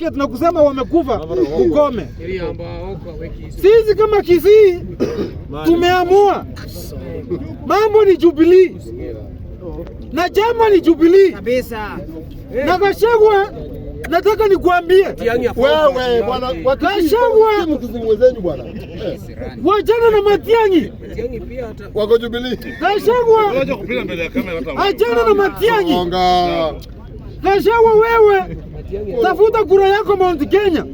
pia tunakusema wamekufa, ukome. Sisi kama Kisii tumeamua mambo ni Jubilee na chama ni Jubilee na Gachagua. Nataka nikwambie wewe bwana, Gachagua bwana, wachana na Matiang'i wako Jubilee. Gachagua achana na Matiang'i. Gachagua wewe tafuta kura yako Mount Kenya,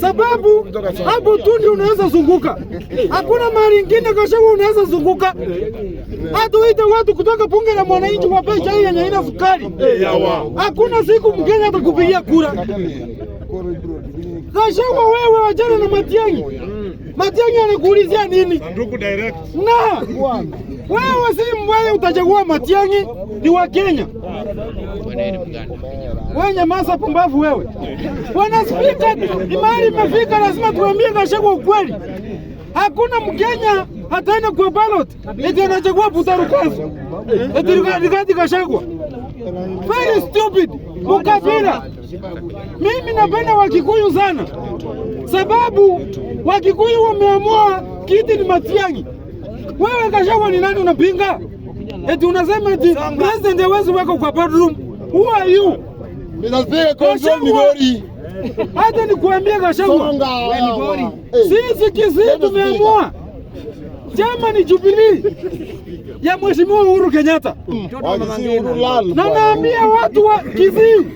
sababu hapo tu ndio unaweza zunguka, hakuna mahali ingine kashawa unaweza zunguka. Hatuite watu kutoka bunge la mwananchi pesa hii yenye ina sukari, hakuna siku Mkenya atakupigia kura. Kashawa wewe, wachana na Matiang'i. Matiang'i anakuulizia nini? Sanduku direct. Na wewe si mbwehe, utachagua Matiang'i ni wa Kenya. Wewe nyamaza, pumbavu wewe. Bwana Spika, ni mahali imefika, lazima tuambie Gachagua ukweli. Hakuna Mkenya ataenda kwa ballot eti anachagua Butarukazo eti Rigathi Gachagua. Very stupid. Mukabila mimi napenda Wakikuyu sana, sababu Wakikuyu wameamua kiti ni Matiang'i. Wewe Gachagua ni nani unapinga? Eti unasema eti president hawezi weka kwa bedroom. Who are you? Hata nikuambia Gachagua, sisi Kisii tumeamua chama ni Jubilee ya Mheshimiwa Uhuru Kenyatta, mm. na naambia watu wa Kisii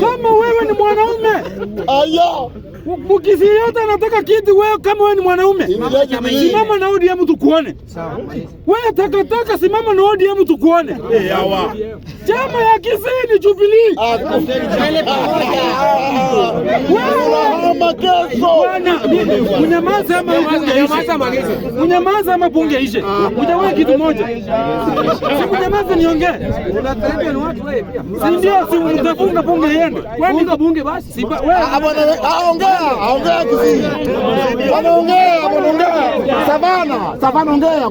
kama wewe ni mwanaume mkisiyote anataka kitu, wewe kama wewe ni mwanaume simama na ODM tukuone. Wewe takataka simama na ODM tukuone. Eh, Chama ya Kisii ni Jubilee. Ah, ah, unyamaza ama bunge ishe. Ujawe kitu moja, unyamaza niongee, si ndio? Si mtafunga bunge yende, kwani bunge basi aongee Ongea Kisii, wanaongea wanaongea, Savana Savana, ongea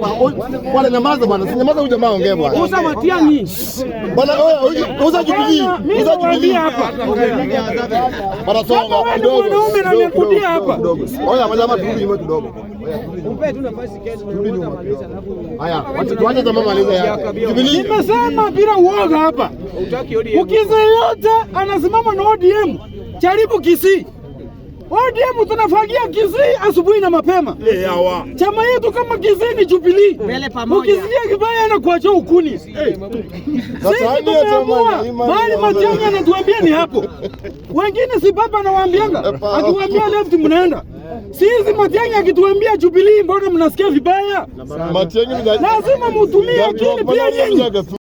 bwana, nyamaza bwana, si nyamaza, huyu jamaa ongea bwana, uza matiani bwana, uza Jubilee, uza Jubilee hapa bwana, songa kidogo, mwanaume na nimekudia hapa. Oya majamaa, turudi nyuma kidogo. nimesema bila uoga hapa, ukiza yote anasimama na ODM, jaribu Kisii ODM tunafagia Kisii asubuhi na mapema. Eh, chama yetu kama Kisii ni Jubilee. Ukisikia kibaya na kuacha ukuni. Eh. Sisi tumeamua bali Matiang'i anatuambia ni hapo. Wengine si baba anawaambianga, akiwaambia left mnaenda. Sisi Matiang'i akituambia Jubilee, mbona mnasikia vibaya? Lazima mutumie yaani akili pia nyinyi.